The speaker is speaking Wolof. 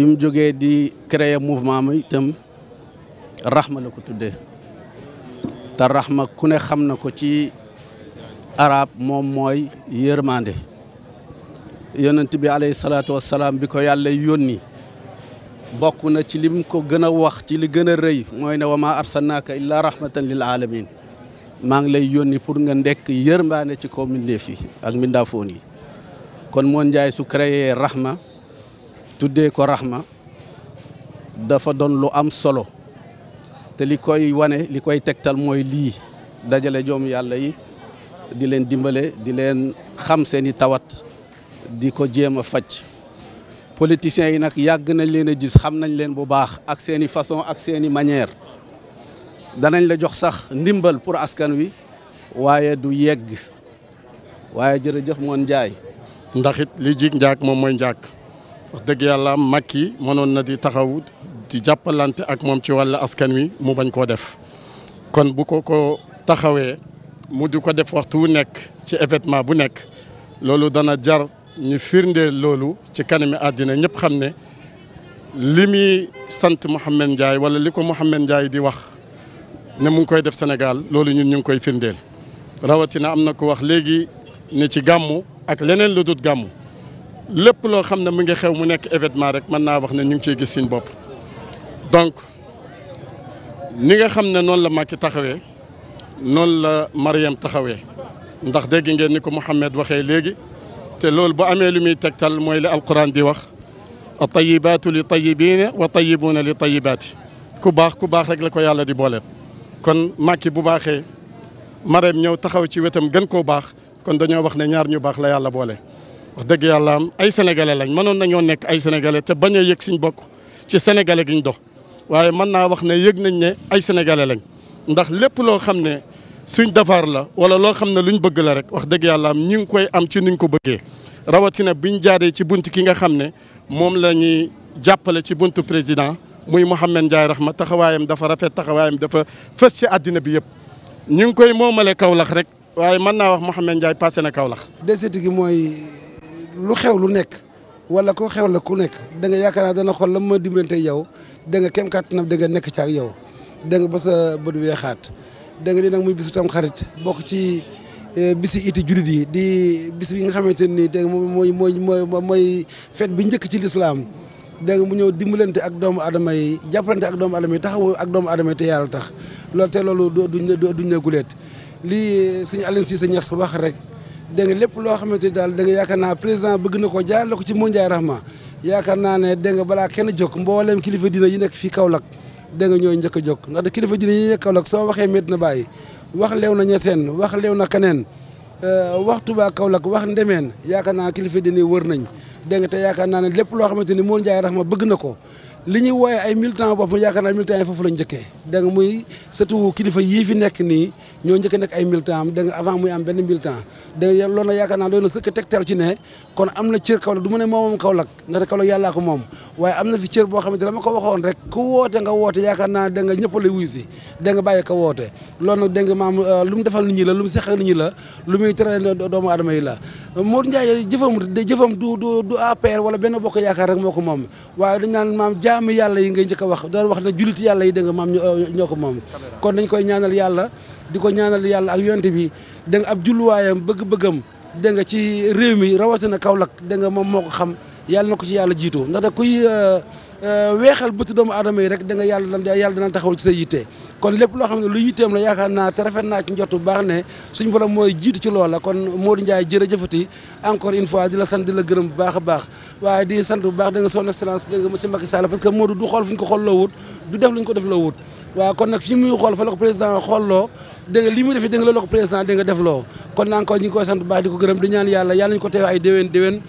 bi mu jóge di créer mouvement mi itam raxma la ko tuddee te raxma ku ne xam na ko ci arab moom mooy yërmande yonent bi alayhi salaatu wassalaam bi ko yàlla yónni bokk na ci li mu ko gën a wax ci li gën a rëy mooy ne wa maa arsalnaaka illaa rahmatan lil alamin maa ngi lay yónni pour nga ndekk yërmande ci kaw mbindeef yi ak mbindaafoon yi kon moon njaay su créer raxma tuddee ko raxma dafa doon lu am solo te li koy wane li koy tegtal mooy lii dajale joom yàlla yi di leen dimbale di leen xam seeni tawat di ko jéem a faj politiciens yi nag yàgg nañ leen a gis xam nañ leen bu baax ak seeni façon ak seeni manière danañ la jox sax ndimbal pour askan wi waaye du yegg waaye jërëjëf moon njaay ndax it li jig njaak moom mooy njaak wax dëgg yàlla Macky mënoon na di taxaw di jàppalante ak moom ci wàllu askan wi mu bañ koo def kon bu ko ko taxawee mu di ko def waxtu wu nekk ci événement bu nekk loolu dana jar ñu firndeel loolu ci kanami àddina ñëpp xam ne li muy sant Mouhamed njaay wala li ko Mouhamed Ndiaye di wax ne mu ngi koy def Sénégal loolu ñun ñu ngi koy firndeel rawatina am na ko wax léegi ne ci gàmmu ak leneen lu dul gàmmu lépp lo xamne mu ngi xew mu nek événement rek man na wax ne ñu ngi ciy gis seen bop donc ni nga xamne non la Macky taxawé non la maryam taxawé ndax dégg ngeen ni ko mohammed waxé légui te lool bu amé lu muy tektal moy li alquran di wax at tayibaatu li tayyibin wa tayyibun li tayibaati ku bax ku bax rek la ko yàlla di bolé kon Macky bu baxé maryam ñëw taxaw ci wetam gën ko bax kon dañu wax ne ñaar ñu bax la yàlla bolé wax dëgg yàlla am ay sénégalais lañ mënoon nañoo nekk ay sénégalais te bañ a yëg ñu bokk ci sénégalais gi ñu dox waaye man naa wax ne yëg nañ ne ay sénégalais lañ ndax lépp loo xam ne suñ defar la wala loo xam ne luñ bëgg la rek wax dëgg yàlla am ñu ngi koy am ci nuñ ko bëggee rawatina bi biñ jaaree ci bunt ki nga xam ne moom la ñuy jàppale ci bunt président muy Mouhamed Ndiaye Rahma taxawaayam dafa rafet taxawaayam dafa fës ci àddina bi yëpp ñu ngi koy moomale Kaolack rek waaye mën naa wax Mouhamed Ndiaye passé na Kaolack. desiti gi lu xew lu nekk wala ko xew la ku nekk da nga yaakaar dana xool la ma dimbalante yow da nga kem kàttanam da nga nekk ci ak yow da nga ba sa bët weexaat da nga nag muy bisu tam xarit ci eh, bisi iti jullit yi di bis bi nga xamante ni dégg nga mooy mooy mooy mooy fête bi njëkk ci lislaam dégg mu ñëw dimbalante ak doomu adama yi jàppalante ak doomu adama yi taxawu ak doomu adama yi te yàlla tax loolu te loolu duñ duñ ne guleet lii eh, suñu Alioune Cissé Niass wax rek dégg nga lépp loo xamante ni daal dégg nga yaakaar naa président bëgg na ko jaar la ko ci Mondial Rahma yaakaar naa ne dégg balaa kenn jóg mboolem kilifa dina yi nekk fii Kaolack dégg nga ñooy njëkk a jóg ndaxte kilifa diina yi nekk Kaolack soo waxee met na bàyyi wax lew na ñeseen wax leew na keneen euh, wax Touba Kaolack wax ndemeen yaakaar naa kilifa diina yi wër nañ dégg te yaakaar naa ne lépp loo xamante ni Mondial Rahma bëgg na ko li ñuy wooyee ay militants boppam yaakaar naa militants yi foofu lañ njëkkee da nga muy surtout kilifa yii fi nekk nii ñoo njëkk nekk ay militants am da nga avant muy am benn militant da nga loolu na yaakaar naa doon na sëkk tegtal na cër Kaolack du ma ne moom moom Kaolack ndaxte Kaolack yàllaa ko moom waaye am euh, la lu mu seqal nit ñi la lu muy tere doomu aadama la Modou Ndiaye jëfam jëfam du du APR bokk yaakaar rek moo ko moom waaye dañ naan maam jaamu yàlla yi ngay njëkk a wax doon wax na jullit yàlla yi dégg nga maam ñoo ko moom kon dañ koy ñaanal yàlla di ko ñaanal yàlla ak yonte bi dégg nga ab julluwaayam bëgg-bëggam dégg nga ci réew mi rawatina Kaolack dégg nga moom moo ko xam yàlla na ko ci yàlla jiitu ndax da kuy euh, Euh, weexal bëtu doomu aadama yi rek da nga yàlla da yàlla dana taxaw ci sa yitte kon lépp loo xam ne lu yitteem la yaakaar naa te rafet naa ci njot bu baax ne suñ borom mooy jiitu ci loola kon fois di la sant di la bu baax a baax waaye di sant bu baax da nga son excellence da nga monsieur Macky Sall parce que Modou du xool fu ñu ko xool loo wut nag fi muy xool fa la président xooloo dégg nga li muy defee dégg nga président dégg nga def loo kon encore ñu ngi koy sant bu baax di ko gërëm di ñaan yàlla yàlla ñu ko teew ay déwén